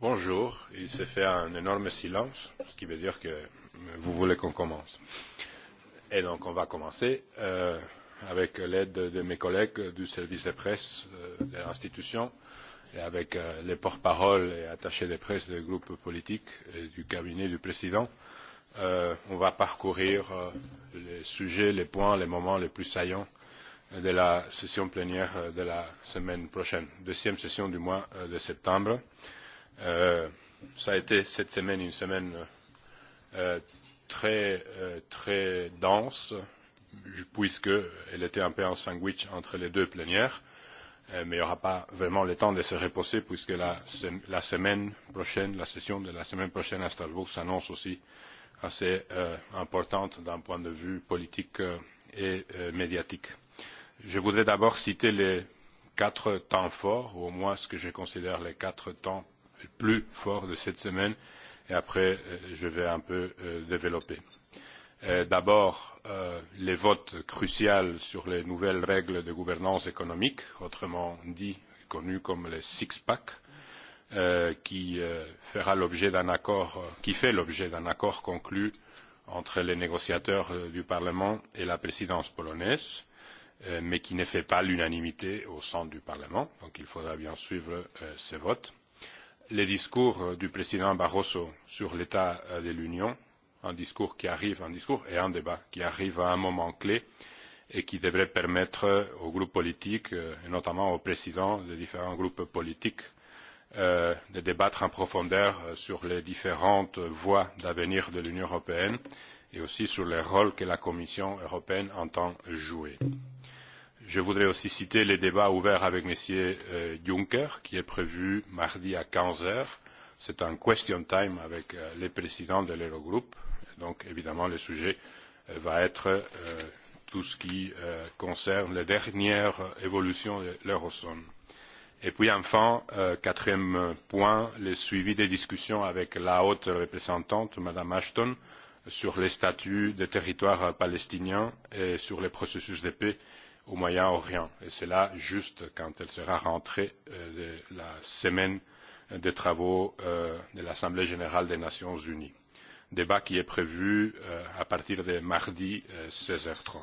bonjour. Il s'est fait un énorme silence, ce qui veut dire que vous voulez qu'on commence. Et donc, on va commencer euh, avec l'aide de mes collègues du service de presse euh, de l'institution et avec euh, les porte-paroles et attachés de presse des groupes politiques et du cabinet du président. Euh, on va parcourir euh, les sujets, les points, les moments les plus saillants de la session plénière euh, de la semaine prochaine, deuxième session du mois euh, de septembre. Euh, Euh, ça a été cette semaine une semaine euh, très, euh, très dense, puisque elle était un peu en sandwich entre les deux plénières. Euh, mais il n'y aura pas vraiment le temps de se reposer, puisque la, la semaine prochaine, la session de la semaine prochaine à Strasbourg s'annonce aussi assez euh, importante d'un point de vue politique euh, et euh, médiatique. Je voudrais d'abord citer les quatre temps forts, ou au moins ce que je considère les quatre temps le plus fort de cette semaine et après euh, je vais un peu euh, développer. Euh, d'abord, les votes cruciaux sur les nouvelles règles de gouvernance économique, autrement dit connues comme les six pack, qui fera l'objet d'un accord, qui fait l'objet d'un accord conclu entre les négociateurs du Parlement et la présidence polonaise mais qui ne fait pas l'unanimité au sein du Parlement. Donc il faudra bien suivre ces votes les discours euh, du président Barroso sur l'état euh, de l'Union, un discours qui arrive, un discours et un débat qui arrive à un moment clé et qui devrait permettre aux groupes politiques, euh, et notamment aux présidents des différents groupes politiques, euh, de débattre en profondeur sur les différentes voies d'avenir de l'Union européenne et aussi sur le rôle que la Commission européenne entend jouer. Je voudrais aussi citer les débats ouverts avec M. Euh, Juncker, qui est prévu mardi à quinze heures. C'est un question time avec euh, les présidents de l'Eurogroupe. Donc, évidemment, le sujet euh, va être tout ce qui concerne les dernières évolutions de l'Eurozone. Et puis enfin, euh, quatrième point, le suivi des discussions avec la haute représentante, Mme Ashton, sur les statuts des territoires palestiniens et sur les processus de paix au Moyen-Orient. Et c'est là juste quand elle sera rentrée euh, de la semaine des travaux euh, de l'Assemblée générale des Nations unies. Débat qui est prévu euh, à partir de mardi euh, 16h30,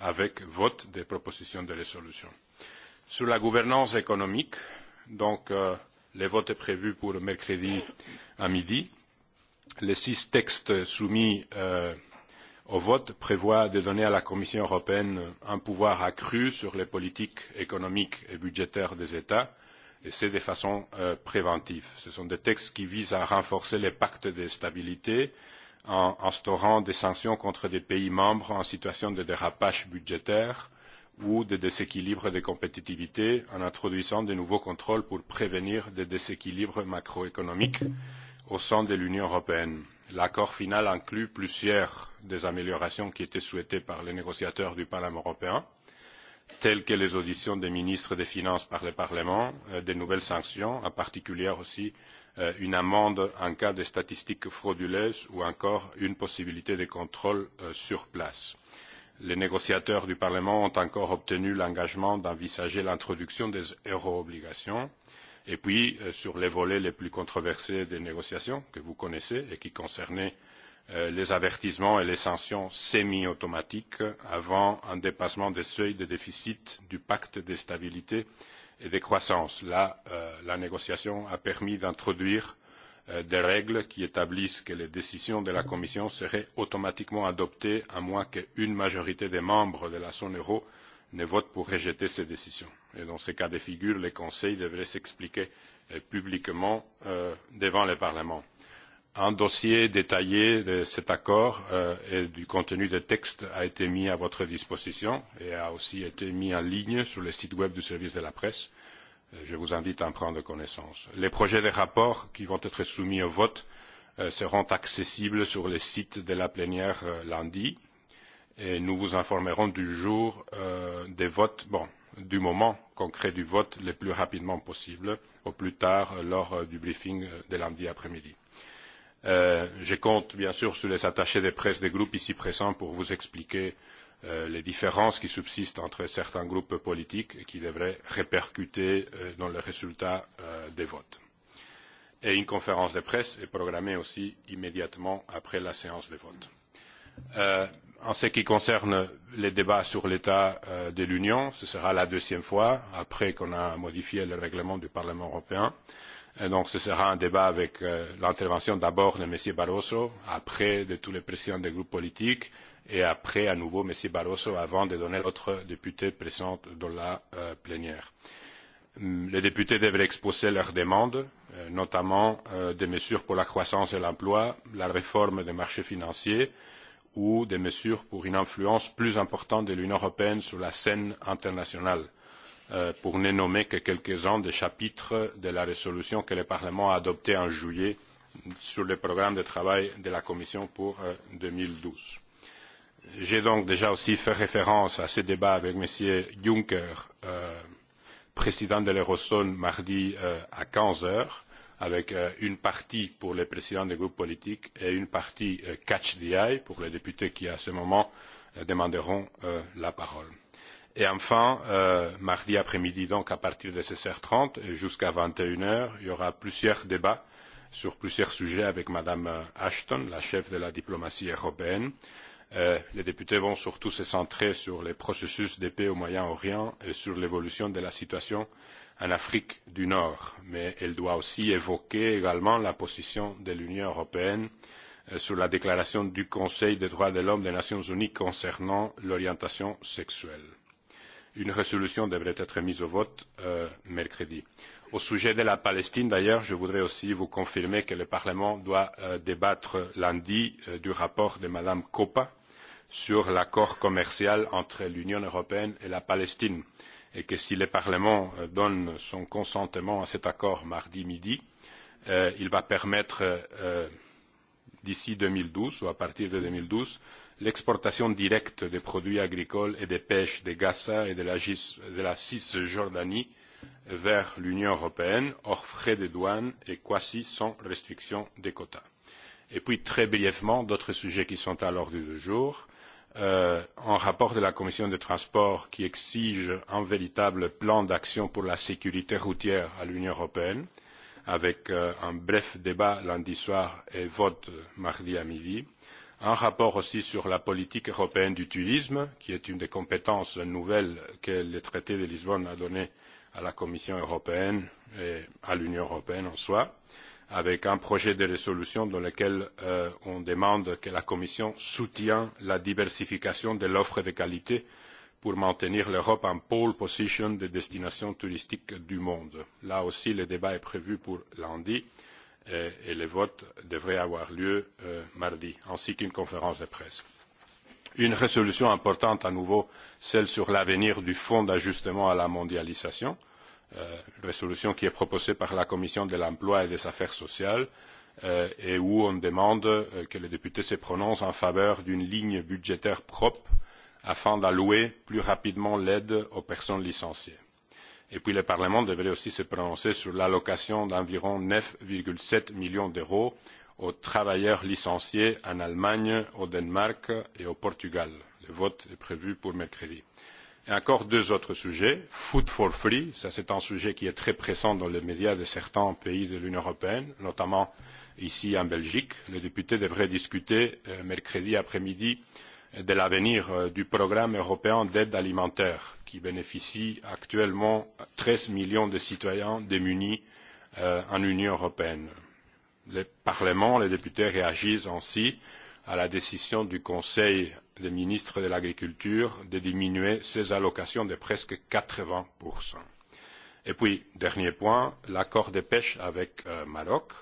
avec vote des propositions de résolution. Sur la gouvernance économique, donc euh, le vote est prévu pour mercredi à midi. Les six textes soumis euh, au vote prévoit de donner à la Commission européenne un pouvoir accru sur les politiques économiques et budgétaires des États, et c'est de façon euh, préventive. Ce sont des textes qui visent à renforcer les pactes de stabilité en instaurant des sanctions contre des pays membres en situation de dérapage budgétaire ou de déséquilibre de compétitivité en introduisant de nouveaux contrôles pour prévenir des déséquilibres macroéconomiques au sein de l'Union européenne. L'accord final inclut plusieurs des améliorations qui étaient souhaitées par les négociateurs du Parlement européen, telles que les auditions des ministres des Finances par le Parlement, euh, des nouvelles sanctions, en particulier aussi euh, une amende en cas de statistiques frauduleuses ou encore une possibilité de contrôle euh, sur place. Les négociateurs du Parlement ont encore obtenu l'engagement d'envisager l'introduction des euro-obligations euh, Et puis, euh, sur les volets les plus controversés des négociations, que vous connaissez et qui concernaient euh, les avertissements et les sanctions semi-automatiques avant un dépassement des seuils de déficit du pacte de stabilité et de croissance. Là, euh, la négociation a permis d'introduire euh, des règles qui établissent que les décisions de la Commission seraient automatiquement adoptées à moins qu'une majorité des membres de la zone euro ne vote pour rejeter ces décisions Et dans ces cas de figure, le Conseil devrait s'expliquer euh, publiquement euh, devant le Parlement. Un dossier détaillé de cet accord euh, et du contenu des textes a été mis à votre disposition et a aussi été mis en ligne sur le site web du service de la presse. Euh, je vous invite à en prendre connaissance. Les projets de rapport qui vont être soumis au vote euh, seront accessibles sur le site de la plénière euh, lundi et nous vous informerons du jour euh, des votes. Bon, du moment concret du vote le plus rapidement possible, au plus tard euh, lors euh, du briefing euh, de lundi après-midi. Euh, je compte bien sûr sur les attachés de presse des groupes ici présents pour vous expliquer les différences qui subsistent entre certains groupes politiques et qui devraient répercuter dans le résultat des votes. Et une conférence de presse est programmée aussi immédiatement après la séance de vote. Euh, en ce qui concerne les débats sur l'état euh, de l'Union, ce sera la deuxième fois après qu'on a modifié le règlement du Parlement européen. Et donc ce sera un débat avec euh, l'intervention d'abord de M. Barroso, après de tous les présidents des groupes politiques et après à nouveau M. Barroso avant de donner l'autre député présent dans la euh, plénière. Les députés devraient exposer leurs demandes, euh, notamment euh, des mesures pour la croissance et l'emploi, la réforme des marchés financiers, euh, ou des mesures pour une influence plus importante de l'Union européenne sur la scène internationale, euh, pour ne nommer que quelques-uns des chapitres de la résolution que le Parlement a adoptée en juillet sur le programme de travail de la Commission pour euh, deux mille douze J'ai donc déjà aussi fait référence à ce débat avec M. Juncker, euh, président de l'Eurozone, mardi euh, à quinze heures avec euh, une partie pour les présidents des groupes politiques et une partie euh, catch the eye pour les députés qui, à ce moment, euh, demanderont euh, la parole. Et enfin, euh, mardi après-midi, donc à partir de 16h30 jusqu'à 21h, il y aura plusieurs débats sur plusieurs sujets avec Madame euh, Ashton, la chef de la diplomatie européenne. Euh, les députés vont surtout se centrer sur les processus de paix au Moyen-Orient et sur l'évolution de la situation en Afrique du Nord. Mais elle doit aussi évoquer également la position de l'Union européenne euh, sur la déclaration du Conseil des droits de l'homme des Nations unies concernant l'orientation sexuelle. Une résolution devrait être mise au vote euh, mercredi. Au sujet de la Palestine, d'ailleurs, je voudrais aussi vous confirmer que le Parlement doit euh, débattre lundi euh, du rapport de mme koppa sur l'accord commercial entre l'Union européenne et la Palestine et que si le Parlement euh, donne son consentement à cet accord mardi midi, euh, il va permettre euh, d'ici deux mille douze ou à partir de deux mille douze l'exportation directe des produits agricoles et de pêche de Gaza et de la, de la Cisjordanie vers l'Union européenne, hors frais de douane et quasi sans restriction des quotas. Et puis, très brièvement, d'autres sujets qui sont à l'ordre du jour euh, un rapport de la commission des transports qui exige un véritable plan d'action pour la sécurité routière à l'Union européenne, avec euh, un bref débat lundi soir et vote mardi à midi. Un rapport aussi sur la politique européenne du tourisme, qui est une des compétences nouvelles que le traité de Lisbonne a données à la Commission européenne et à l'Union européenne en soi avec un projet de résolution dans lequel euh, on demande que la Commission soutienne la diversification de l'offre de qualité pour maintenir l'Europe en pole position des destinations touristiques du monde. Là aussi, le débat est prévu pour lundi et, euh, et le vote devrait avoir lieu euh, mardi, ainsi qu'une conférence de presse. Une résolution importante à nouveau, celle sur l'avenir du fonds d'ajustement à la mondialisation, Euh, résolution qui est proposée par la Commission de l'emploi et des affaires sociales euh, et où on demande euh, que les députés se prononcent en faveur d'une ligne budgétaire propre afin d'allouer plus rapidement l'aide aux personnes licenciées. Et puis le Parlement devrait aussi se prononcer sur l'allocation d'environ 9,7 millions d'euros aux travailleurs licenciés en Allemagne, au Danemark et au Portugal. Le vote est prévu pour mercredi. Et encore deux autres sujets. Food for free, ça c'est un sujet qui est très pressant dans les médias de certains pays de l'Union européenne, notamment ici en Belgique. Les députés devraient discuter euh, mercredi après-midi de l'avenir euh, du programme européen d'aide alimentaire qui bénéficie actuellement à 13 millions de citoyens démunis euh, en Union européenne. Le Parlement, les députés réagissent ainsi à la décision du Conseil le ministre de l'Agriculture de diminuer ses allocations de presque 80 Et puis, dernier point, l'accord de pêche avec euh, Maroc.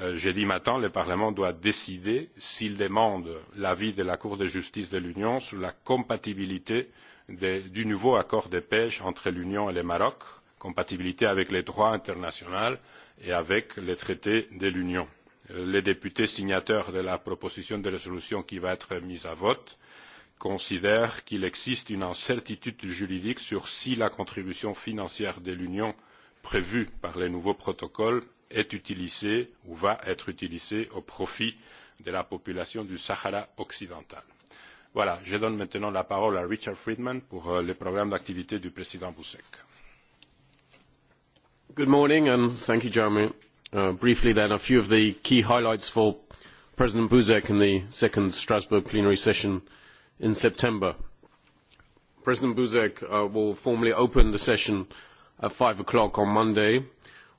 Euh, jeudi matin, le Parlement doit décider s'il demande l'avis de la Cour de justice de l'Union sur la compatibilité de, du nouveau accord de pêche entre l'Union et le Maroc, compatibilité avec les droits internationaux et avec les traités de l'Union les députés signataires de la proposition de résolution qui va être mise à vote considèrent qu'il existe une incertitude juridique sur si la contribution financière de l'Union prévue par les nouveaux protocoles est utilisée ou va être utilisée au profit de la population du Sahara occidental. Voilà, je donne maintenant la parole à Richard Friedman pour euh, le programme d'activité du président Boussek. Good morning and thank you, Jeremy. Uh, briefly then, a few of the key highlights for President Buzek in the second Strasbourg plenary session in September. President Buzek uh, will formally open the session at 5 o'clock on Monday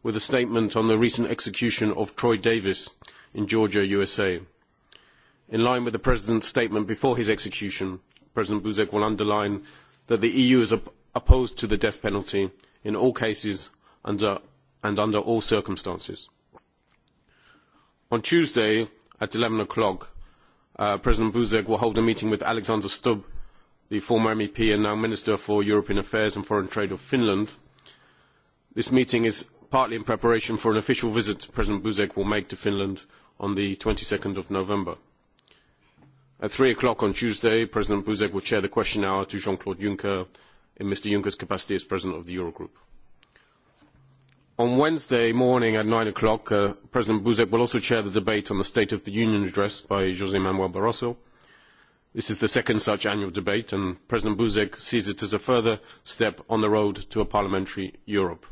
with a statement on the recent execution of Troy Davis in Georgia, USA. In line with the President's statement before his execution, President Buzek will underline that the EU is op opposed to the death penalty in all cases under and under all circumstances. On Tuesday at 11 o'clock, uh, President Buzek will hold a meeting with Alexander Stubb, the former MEP and now Minister for European Affairs and Foreign Trade of Finland. This meeting is partly in preparation for an official visit President Buzek will make to Finland on the 22nd of November. At 3 o'clock on Tuesday, President Buzek will chair the question hour to Jean-Claude Juncker in Mr Juncker's capacity as President of the Eurogroup. On Wednesday morning at 9 o'clock, uh, President Buzek will also chair the debate on the State of the Union address by jos Manuel Barroso. This is the second such annual debate, and President Buzek sees it as a further step on the road to a parliamentary Europe.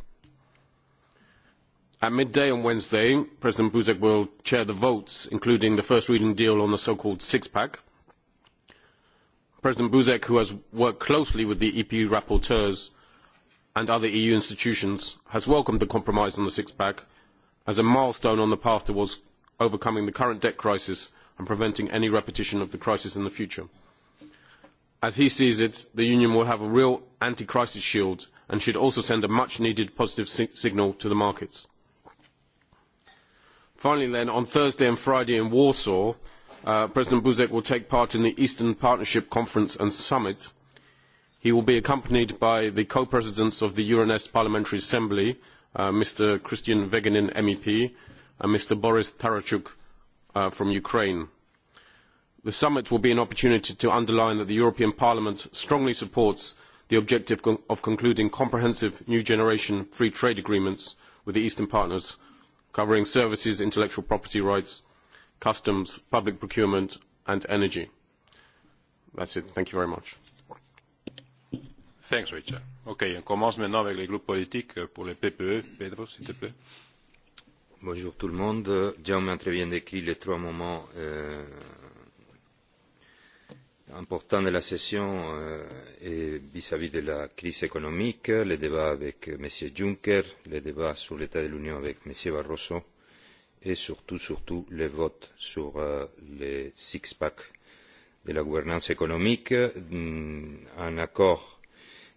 At midday on Wednesday, President Buzek will chair the votes, including the first reading deal on the so-called six-pack. President Buzek, who has worked closely with the EP rapporteurs and other EU institutions has welcomed the compromise on the six-pack as a milestone on the path towards overcoming the current debt crisis and preventing any repetition of the crisis in the future. As he sees it, the Union will have a real anti-crisis shield and should also send a much-needed positive si signal to the markets. Finally, then, on Thursday and Friday in Warsaw, uh, President Buzek will take part in the Eastern Partnership Conference and Summit, He will be accompanied by the co-presidents of the Euronest Parliamentary Assembly, uh, Mr. Christian Vegenin, MEP, and Mr. Boris Tarachuk uh, from Ukraine. The summit will be an opportunity to underline that the European Parliament strongly supports the objective of concluding comprehensive new generation free trade agreements with the Eastern partners, covering services, intellectual property rights, customs, public procurement and energy. That's it. Thank you very much. Thanks, Richard. OK, on commence maintenant avec les groupes politiques pour le PPE. Pedro, s'il te plaît. Bonjour tout le monde. Jaume a très bien décrit les trois moments euh, importants de la session euh, et vis-à-vis -vis de la crise économique, le débat avec M. Juncker, le débat sur l'état de l'Union avec M. Barroso et surtout, surtout, le vote sur euh, les six-pack de la gouvernance économique, mm, un accord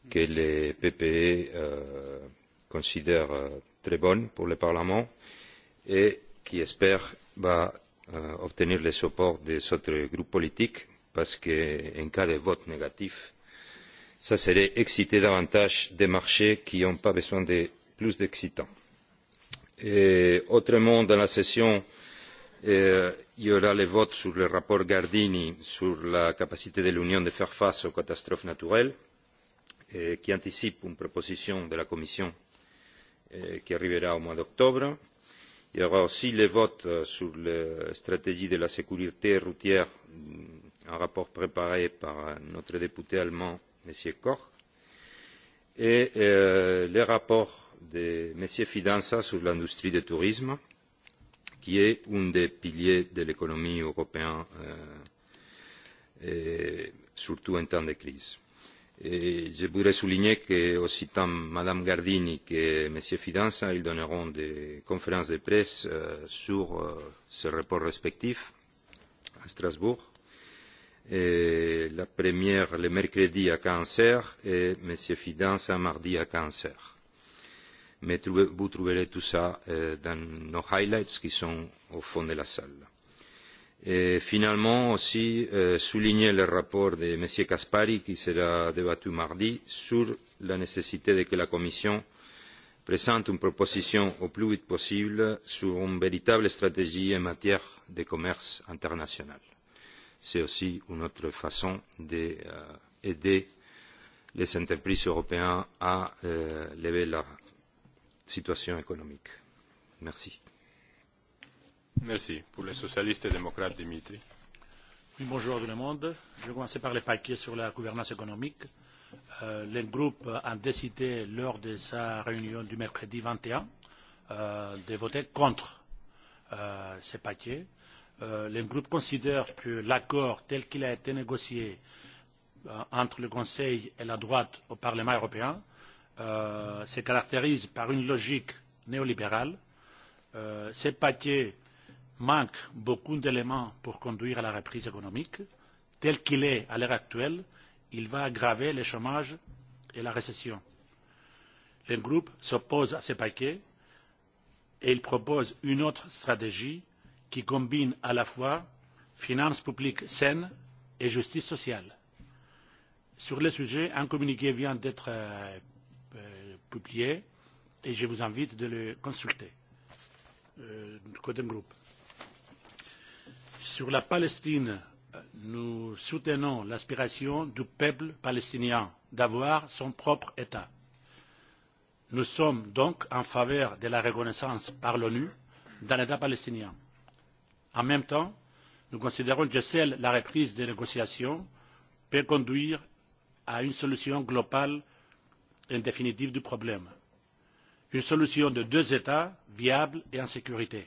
que les PPE euh, considèrent euh, très bonne pour le Parlement et qui, j'espère, va euh, obtenir le support des autres groupes politiques parce qu'en cas de vote négatif, ça serait exciter davantage des marchés qui n'ont pas besoin de plus d'excitants. Et autrement, dans la session, euh, il y aura le vote sur le rapport Gardini sur la capacité de l'Union de faire face aux catastrophes naturelles Eh, qui anticipe une proposition de la commission eh, qui arrivera au mois d'octobre. il y aura aussi le vote sur la stratégie de la sécurité routière mm, un rapport préparé par notre député allemand m. koch et euh, le rapport de m. fidanza sur l'industrie du tourisme qui est un des piliers de l'économie européenne euh, surtout en temps de crise. Eh, je voudrais souligner qu'en citant Mme Gardini et M. Fidanza, ils donneront des conférences de presse euh, sur euh, ces rapports respectifs à Strasbourg. la première le mercredi à 15h et M. Fidanza mardi à 15h. Mais vous trouverez tout cela euh, dans nos highlights qui sont au fond de la salle. Et finalement aussi euh, souligner le rapport de M. Caspary qui sera débattu mardi sur la nécessité de que la Commission présente une proposition au plus vite possible sur une véritable stratégie en matière de commerce international. C'est aussi une autre façon d'aider euh, les entreprises européennes à euh, lever la situation économique. Merci. Merci. Pour les socialistes et démocrates, Dimitri. Oui, bonjour tout le monde. Je vais commencer par le paquet sur la gouvernance économique. Euh, le groupe a décidé lors de sa réunion du mercredi 21 euh, de voter contre euh, ce paquet. Euh, le groupe considère que l'accord tel qu'il a été négocié euh, entre le Conseil et la droite au Parlement européen euh, se caractérise par une logique néolibérale. Euh, ce paquet manque beaucoup d'éléments pour conduire à la reprise économique. tel qu'il est à l'heure actuelle il va aggraver le chômage et la récession. le groupe s'oppose à ce paquet et il propose une autre stratégie qui combine à la fois finances publiques saines et justice sociale. sur le sujet un communiqué vient d'être euh, euh, publié et je vous invite de le consulter. Euh, côté groupe Sur la Palestine, nous soutenons l'aspiration du peuple palestinien d'avoir son propre État. Nous sommes donc en faveur de la reconnaissance par l'ONU d'un État palestinien. En même temps, nous considérons que seule la reprise des négociations peut conduire à une solution globale et définitive du problème. Une solution de deux États viable et en sécurité.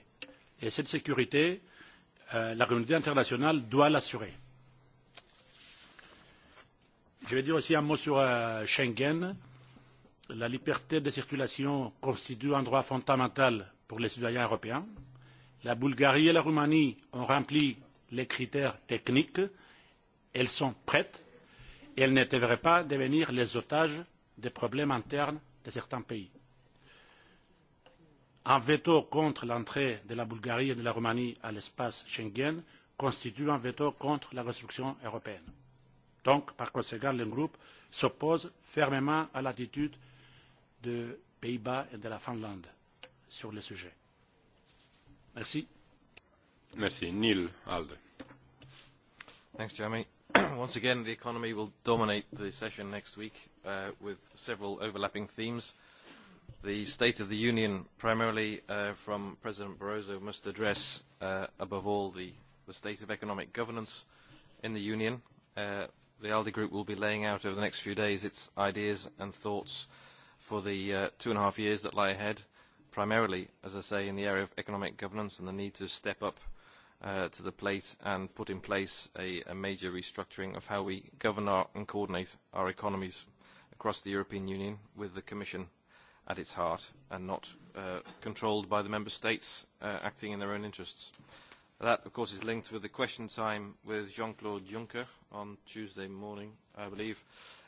Et cette sécurité Euh, la communauté internationale doit l'assurer. Je vais dire aussi un mot sur euh, Schengen. La liberté de circulation constitue un droit fondamental pour les citoyens européens. La Bulgarie et la Roumanie ont rempli les critères techniques. Elles sont prêtes et elles ne devraient pas devenir les otages des problèmes internes de certains pays un veto contre l'entrée de la bulgarie et de la roumanie à l'espace schengen constitue un veto contre la construction européenne. Donc, par conséquent le groupe s'oppose fermement à l'attitude des pays bas et de la finlande sur le sujet. Merci. Merci. Neil Alde. Thanks, Jeremy. Once again, the economy will dominate the session next week uh, with several overlapping themes the State of the Union, primarily uh, from President Barroso, must address, uh, above all, the, the state of economic governance in the Union. Uh, the ALDE Group will be laying out over the next few days its ideas and thoughts for the uh, two and a half years that lie ahead, primarily, as I say, in the area of economic governance and the need to step up uh, to the plate and put in place a, a major restructuring of how we govern our, and coordinate our economies across the European Union with the Commission at its heart and not uh, controlled by the member states uh, acting in their own interests. That, of course, is linked with the question time with Jean-Claude Juncker on Tuesday morning, I believe,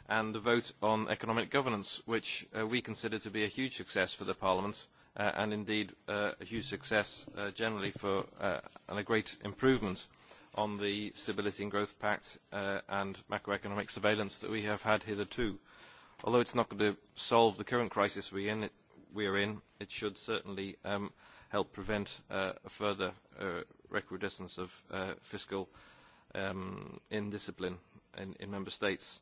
and the vote on economic governance, which uh, we consider to be a huge success for the Parliament uh, and indeed uh, a huge success uh, generally for uh, and a great improvement on the Stability and Growth Pact uh, and macroeconomic surveillance that we have had hitherto although it's not going to solve the current crisis we, in, it, we are in, it should certainly um, help prevent uh, a further uh, recrudescence of uh, fiscal um, indiscipline in, in member states.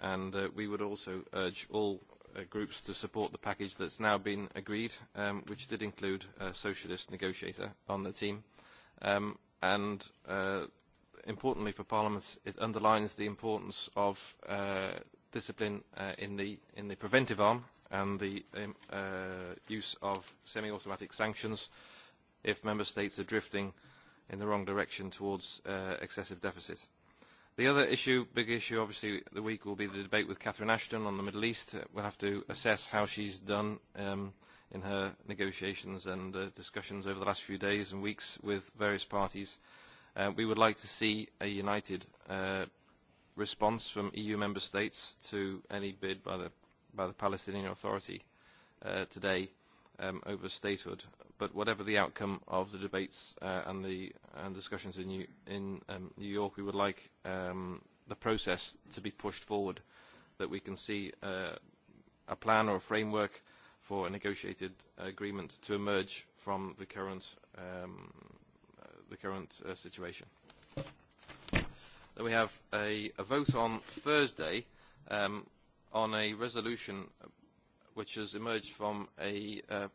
And uh, we would also urge all uh, groups to support the package that's now been agreed, um, which did include a socialist negotiator on the team. Um, and uh, importantly for Parliament, it underlines the importance of uh, discipline uh, in, the, in the preventive arm and the um, uh, use of semi-automatic sanctions if member states are drifting in the wrong direction towards uh, excessive deficit. The other issue, big issue obviously the week will be the debate with Catherine Ashton on the Middle East. We'll have to assess how she's done um, in her negotiations and uh, discussions over the last few days and weeks with various parties. Uh, we would like to see a united uh, response from EU member states to any bid by the, by the Palestinian Authority uh, today um, over statehood. But whatever the outcome of the debates uh, and the and discussions in New, in um, New York, we would like um, the process to be pushed forward, that we can see uh, a plan or a framework for a negotiated agreement to emerge from the current um, uh, the current uh, situation that we have a, a vote on Thursday um, on a resolution uh, which has emerged from a, uh,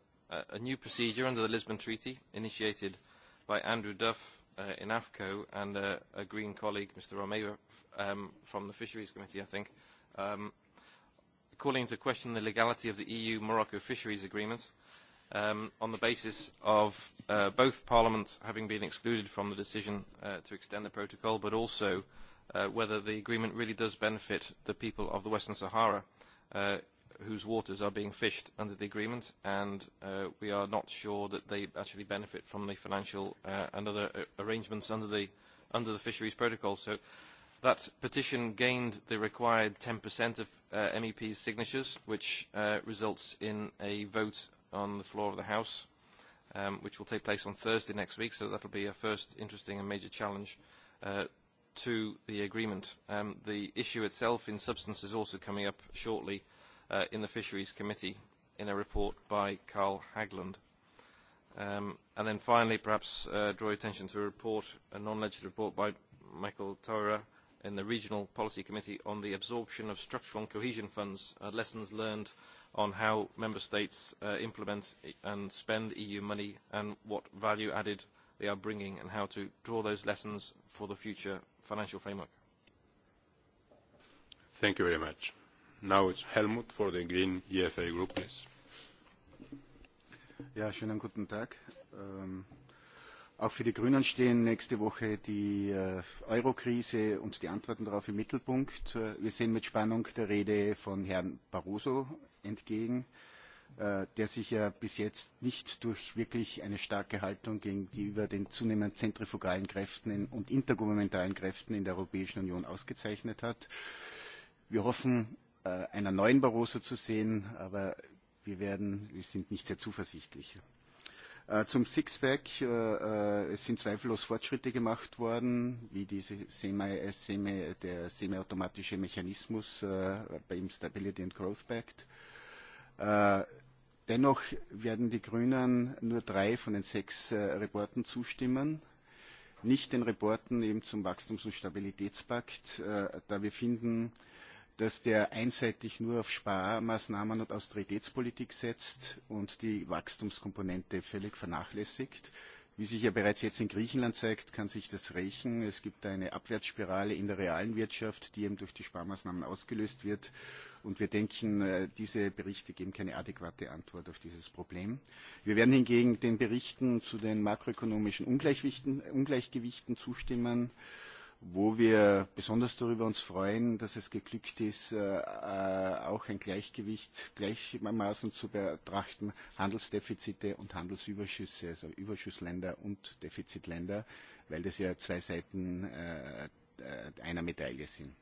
a new procedure under the Lisbon Treaty initiated by Andrew Duff uh, in AFCO and uh, a Green colleague, Mr. Romero, um, from the Fisheries Committee, I think, um, calling into question the legality of the EU-Morocco Fisheries Agreement. Uh, um, on the basis of uh, both Parliament having been excluded from the decision uh, to extend the protocol, but also uh, whether the agreement really does benefit the people of the Western Sahara, uh, whose waters are being fished under the agreement, and uh, we are not sure that they actually benefit from the financial uh, and other uh, arrangements under the, under the fisheries protocol. So That petition gained the required 10% of uh, MEP's signatures, which uh, results in a vote on the floor of the House, um, which will take place on Thursday next week, so that will be a first interesting and major challenge uh, to the agreement. Um, the issue itself in substance is also coming up shortly uh, in the Fisheries Committee in a report by Carl Hagland. Um, and then finally, perhaps uh, draw attention to a report, a non-legislative report by Michael Torah, in the Regional Policy Committee on the absorption of structural and cohesion funds, uh, lessons learned on how member states uh, implement and spend EU money and what value added they are bringing and how to draw those lessons for the future financial framework. Thank you very much. Now it's Helmut for the Green EFA Group, please. Ja, schönen guten Tag. um Auch für die Grünen stehen nächste Woche die äh, Eurokrise und die Antworten darauf im Mittelpunkt. Wir sehen mit Spannung der Rede von Herrn Barroso entgegen, äh, der sich ja bis jetzt nicht durch wirklich eine starke Haltung gegenüber den zunehmend zentrifugalen Kräften und intergouvernementalen Kräften in der Europäischen Union ausgezeichnet hat. Wir hoffen, äh, einen neuen Barroso zu sehen, aber wir, werden, wir sind nicht sehr zuversichtlich. Äh, zum Sixpack, äh, äh, es sind zweifellos Fortschritte gemacht worden, wie diese semi, semi, der semiautomatische Mechanismus beim Stability and Growth Pact. Dennoch werden die Grünen nur drei von den sechs Reporten zustimmen nicht den Reporten eben zum Wachstums- und Stabilitätspakt, äh, da wir finden, dass der einseitig nur auf Sparmaßnahmen und Austeritätspolitik setzt und die Wachstumskomponente völlig vernachlässigt. Wie sich ja bereits jetzt in Griechenland zeigt, kann sich das rächen. Es gibt eine Abwärtsspirale in der realen Wirtschaft, die eben durch die Sparmaßnahmen ausgelöst wird. Und wir denken, äh, diese Berichte geben keine adäquate Antwort auf dieses Problem. Wir werden hingegen den Berichten zu den makroökonomischen Ungleichgewichten zustimmen wo wir besonders darüber uns freuen, dass es geglückt ist, äh, äh, auch ein Gleichgewicht gleichermaßen zu betrachten, Handelsdefizite und Handelsüberschüsse, also Überschussländer und Defizitländer, weil das ja zwei Seiten äh, einer Medaille sind.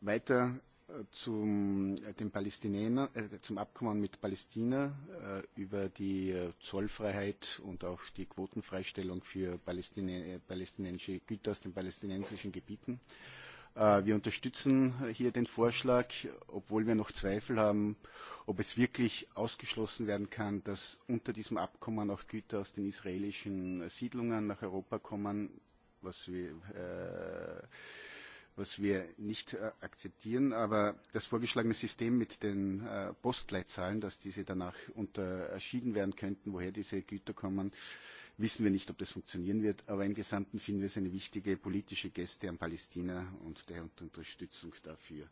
Weiter zum, äh, den Palästinenern, äh, zum Abkommen mit Palästina äh, über die Zollfreiheit und auch die Quotenfreistellung für Palästinä palästinensische Güter aus den palästinensischen Gebieten. wir unterstützen hier den Vorschlag, obwohl wir noch Zweifel haben, ob es wirklich ausgeschlossen werden kann, dass unter diesem Abkommen auch Güter aus den israelischen Siedlungen nach Europa kommen, was wir äh, was wir nicht äh, akzeptieren. Aber das vorgeschlagene System mit den äh, Postleitzahlen, dass diese danach unterschieden werden könnten, woher diese Güter kommen, wissen wir nicht, ob das funktionieren wird. Aber im Gesamten finden wir es eine wichtige politische Geste an Palästina und der Unterstützung dafür.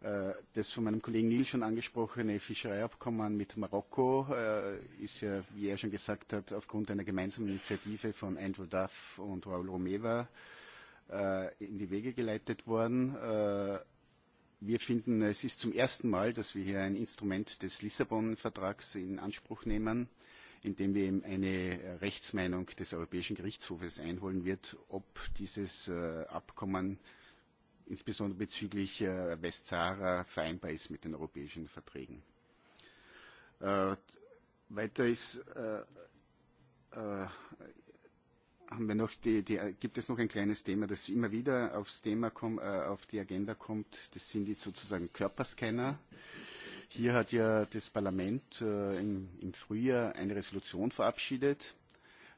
Äh, das von meinem Kollegen Nil schon angesprochene Fischereiabkommen mit Marokko äh, ist ja, wie er schon gesagt hat, aufgrund einer gemeinsamen Initiative von Andrew Duff und Raul Romeva Äh, in die Wege geleitet worden. Äh, wir finden, es ist zum ersten Mal, dass wir hier ein Instrument des Lissabon-Vertrags in Anspruch nehmen, indem wir eben eine Rechtsmeinung des Europäischen Gerichtshofes einholen wird, ob dieses äh, Abkommen insbesondere bezüglich Westsahara vereinbar ist mit den europäischen Verträgen. Weiter ist haben wir noch die, die, gibt es noch ein kleines Thema, das immer wieder aufs Thema kommt, äh, auf die Agenda kommt. Das sind die sozusagen Körperscanner. Hier hat ja das Parlament äh, im, im Frühjahr eine Resolution verabschiedet,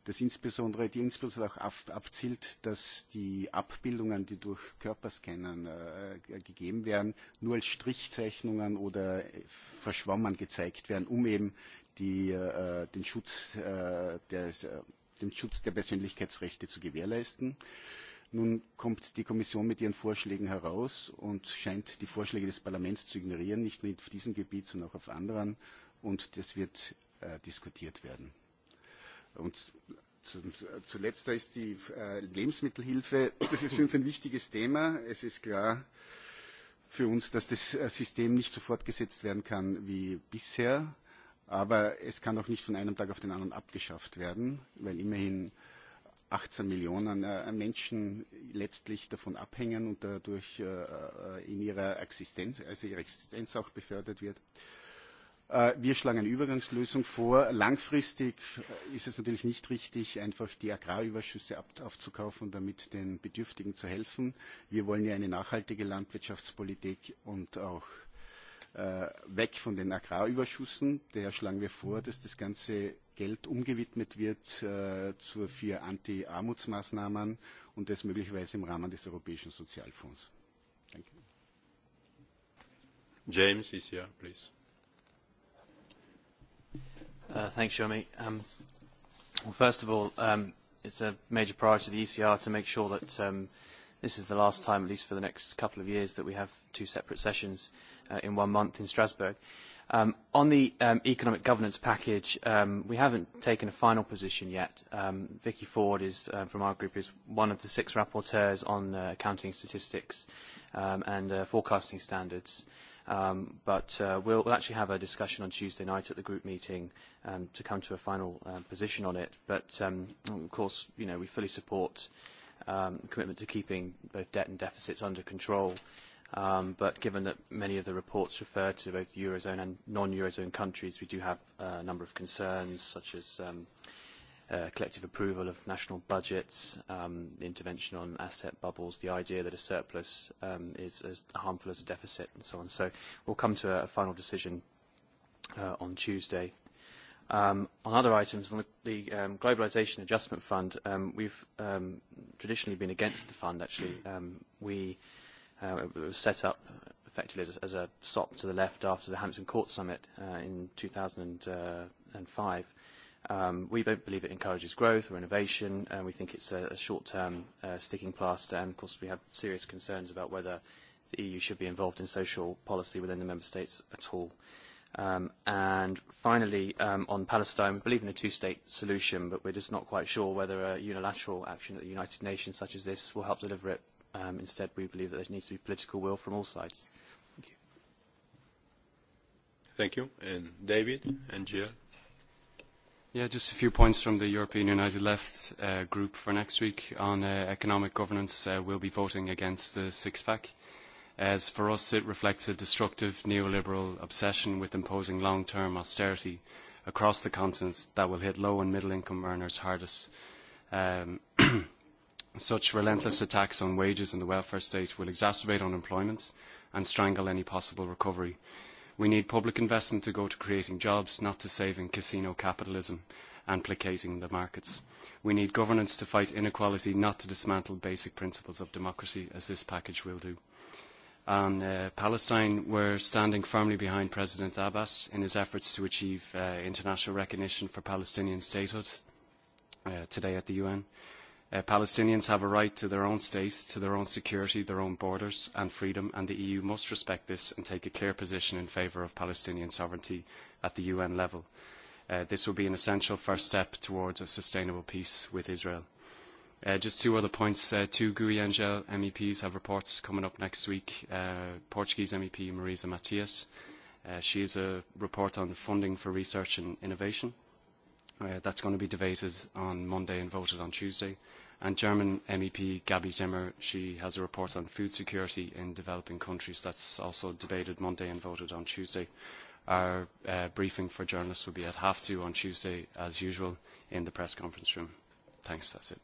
das insbesondere, die insbesondere auch ab, abzielt, dass die Abbildungen, die durch Körperscannern äh, gegeben werden, nur als Strichzeichnungen oder äh, verschwommen gezeigt werden, um eben die, äh, den Schutz äh, der äh, den Schutz der Persönlichkeitsrechte zu gewährleisten. Nun kommt die Kommission mit ihren Vorschlägen heraus und scheint die Vorschläge des Parlaments zu ignorieren, nicht nur auf diesem Gebiet, sondern auch auf anderen. Und das wird äh, diskutiert werden. Und zuletzt ist die äh, Lebensmittelhilfe. Das ist für uns ein wichtiges Thema. Es ist klar für uns, dass das äh, System nicht so fortgesetzt werden kann wie bisher Aber es kann doch nicht von einem Tag auf den anderen abgeschafft werden, weil immerhin 18 Millionen äh, Menschen letztlich davon abhängen und dadurch äh, äh, in ihrer Existenz, also ihre Existenz auch befördert wird. Wir schlagen eine Übergangslösung vor. Langfristig ist es natürlich nicht richtig, einfach die Agrarüberschüsse aufzukaufen und damit den Bedürftigen zu helfen. Wir wollen ja eine nachhaltige Landwirtschaftspolitik und auch äh, weg von den Agrarüberschüssen. Daher schlagen wir vor, dass das ganze Geld umgewidmet wird äh, zu vier Anti-Armutsmaßnahmen und das möglicherweise im Rahmen des Europäischen Sozialfonds. Danke. James is here, please. Uh, thanks, Jeremy. Um, well, first of all, um, it's a major priority of the ECR to make sure that um, this is the last time, at least for the next couple of years, that we have two separate sessions. Uh, uh, in one month in Strasbourg. Um, on the um, economic governance package, um, we haven't taken a final position yet. Um, Vicky Ford is, uh, from our group is one of the six rapporteurs on uh, accounting statistics um, and uh, forecasting standards. Um, but uh, we'll, we'll actually have a discussion on Tuesday night at the group meeting um, to come to a final uh, position on it. But um, of course, you know, we fully support um, commitment to keeping both debt and deficits under control. Um, but given that many of the reports refer to both Eurozone and non-Eurozone countries, we do have uh, a number of concerns, such as um, uh, collective approval of national budgets, um, the intervention on asset bubbles, the idea that a surplus um, is as harmful as a deficit, and so on. So we'll come to a, a final decision uh, on Tuesday. Um, on other items, on the, the um, Globalisation Adjustment Fund, um, we've um, traditionally been against the fund, actually. Um, we uh, set up effectively as, as a SOP to the left after the Hampton Court Summit uh, in 2005. Uh, um, we don't believe it encourages growth or innovation, and we think it's a, a short-term uh, sticking plaster. And of course, we have serious concerns about whether the EU should be involved in social policy within the member states at all. Um, and finally, um, on Palestine, we believe in a two-state solution, but we're just not quite sure whether a unilateral action at the United Nations such as this will help deliver it Um, instead, we believe that there needs to be political will from all sides. Thank you. Thank you. And David and Jill. Yeah, just a few points from the European United Left uh, group for next week on uh, economic governance. Uh, we'll be voting against the six-pack. As for us, it reflects a destructive neoliberal obsession with imposing long-term austerity across the continent that will hit low and middle-income earners hardest. Um, Such relentless attacks on wages and the welfare state will exacerbate unemployment and strangle any possible recovery. We need public investment to go to creating jobs, not to saving casino capitalism and placating the markets. We need governance to fight inequality, not to dismantle basic principles of democracy, as this package will do. On uh, Palestine, we're standing firmly behind President Abbas in his efforts to achieve uh, international recognition for Palestinian statehood uh, today at the UN. Uh, Palestinians have a right to their own state, to their own security, their own borders and freedom, and the EU must respect this and take a clear position in favour of Palestinian sovereignty at the UN level. Uh, this will be an essential first step towards a sustainable peace with Israel. Uh, just two other points. Uh, two GUI Angel MEPs have reports coming up next week. Uh, Portuguese MEP Marisa Matias. Uh, she has a report on funding for research and innovation. Uh, that's going to be debated on Monday and voted on Tuesday. And German MEP Gabi Zimmer, she has a report on food security in developing countries that's also debated Monday and voted on Tuesday. Our uh, briefing for journalists will be at half two on Tuesday, as usual, in the press conference room. Thanks, that's it.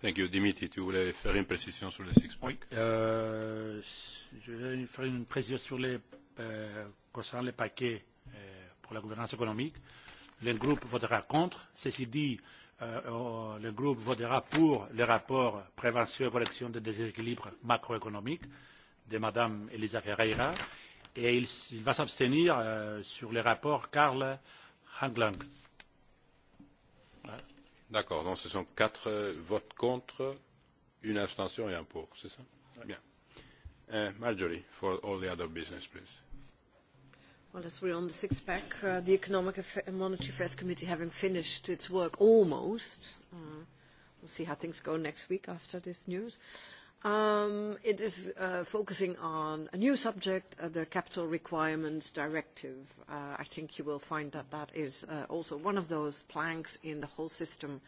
Thank you. Dimitri, tu voulais faire une précision sur les six points? oui, euh, Je voulais faire une précision sur les, euh, concernant les paquets euh, pour la gouvernance économique. Le groupe votera contre. Ceci dit, euh, Euh, le groupe votera pour le rapport prévention et correction des déséquilibres macroéconomiques de Mme Elisa Ferreira et il, va s'abstenir euh, sur le rapport Karl Hanglang. D'accord, donc ce sont quatre euh, votes contre, une abstention et un pour, c'est ça Bien. Marjorie, for all the other business, please. Well, as we're on the six-pack, uh, the Economic and Monetary Affairs Committee having finished its work almost, uh, we'll see how things go next week after this news. Um, it is uh, focusing on a new subject, uh, the Capital Requirements Directive. Uh, I think you will find that that is uh, also one of those planks in the whole system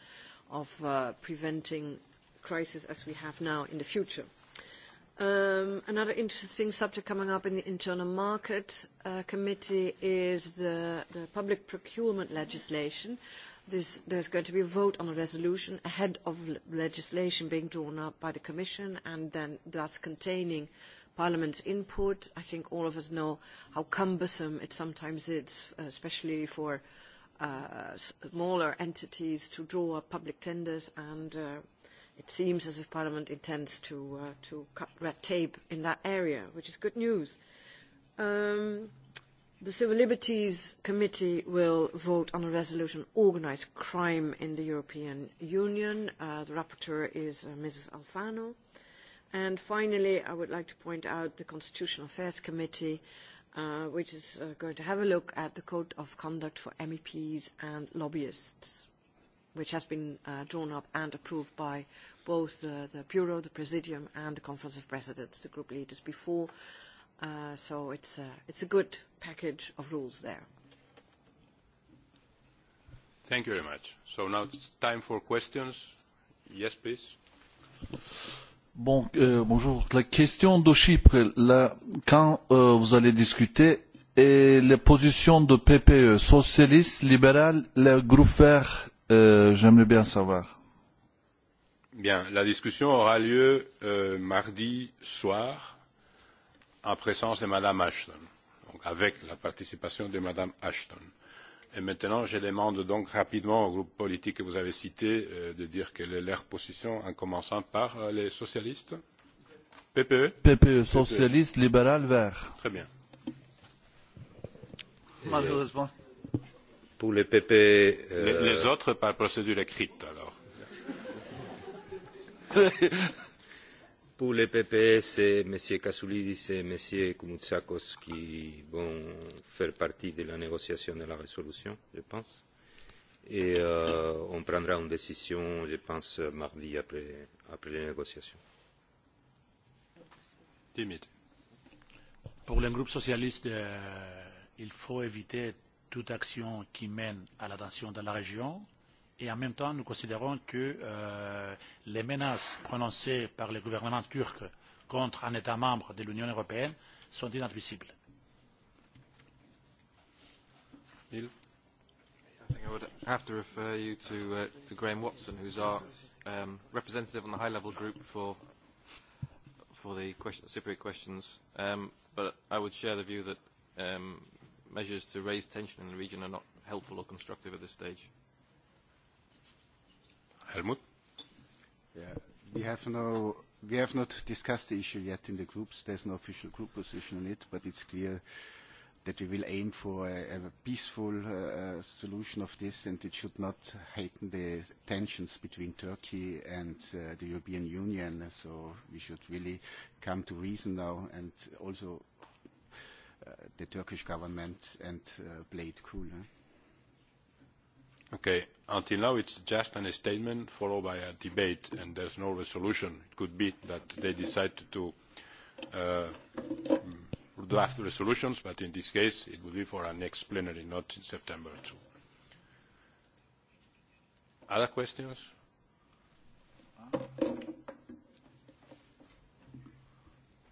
of uh, preventing crisis as we have now in the future. Um, another interesting subject coming up in the Internal Market uh, Committee is the, the, public procurement legislation. This, there's going to be a vote on a resolution ahead of legislation being drawn up by the Commission and then thus containing Parliament's input. I think all of us know how cumbersome it sometimes is, uh, especially for uh, smaller entities to draw up public tenders and uh, it seems as if Parliament intends to, uh, to cut red tape in that area, which is good news. Um, the Civil Liberties Committee will vote on a resolution organized crime in the European Union. Uh, the rapporteur is uh, Mrs. Alfano. And finally, I would like to point out the Constitutional Affairs Committee, uh, which is uh, going to have a look at the Code of Conduct for MEPs and Lobbyists, which has been uh, drawn up and approved by both uh, the Bureau, the Presidium, and the Conference of Presidents, the group leaders, before. Uh, so it's a, uh, it's a good package of rules there. Thank you very much. So now it's time for questions. Yes, please. Bon, euh, bonjour. La question de Chypre, là, quand euh, vous allez discuter, et les positions de PPE, socialiste, libéral, le groupe vert, euh, j'aimerais bien savoir la discussion aura lieu euh, mardi soir en présence de Mme Ashton, donc avec la participation de Mme Ashton. Et maintenant, je demande donc rapidement au groupe politique que vous avez cité euh, de dire quelle est leur position, en commençant par euh, les socialistes. PPE PPE, socialiste, PPE. libéral, vert. Très bien. Malheureusement. Pour les PPE. Euh... Les, les euh, autres par procédure écrite, alors. Pour les PPE, c'est M. Kasoulidis et M. Koumoutsakos qui vont faire partie de la négociation de la résolution, je pense. Et euh, on prendra une décision, je pense, mardi après, après les négociations. Dimitri. Pour le groupe socialiste, euh, il faut éviter toute action qui mène à la tension la région et en même temps nous considérons que euh, les menaces prononcées par le gouvernement turc contre un État membre de l'Union européenne sont inadmissibles. I think I would have to refer you to, uh, to Graham Watson, who's our um, representative on the high-level group for, for the question, Cypriot questions. Um, but I would share the view that um, measures to raise tension in the region are not helpful or constructive at this stage. Helmut? Yeah, we have no we have not discussed the issue yet in the groups. There's no official group position on it, but it's clear that we will aim for a, peaceful uh, uh, solution of this, and it should not heighten the tensions between Turkey and uh, the European Union. So we should really come to reason now, and also the Turkish government, and play it cool. Eh? Okay. Until now, it's just an statement followed by a debate, and there's no resolution. It could be that they decide to uh, draft resolutions, but in this case, it would be for our next plenary, not in September too. Other questions?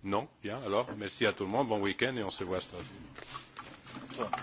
No. Bien, alors, merci à tout le monde. Bon week-end et on se voit à Strasbourg.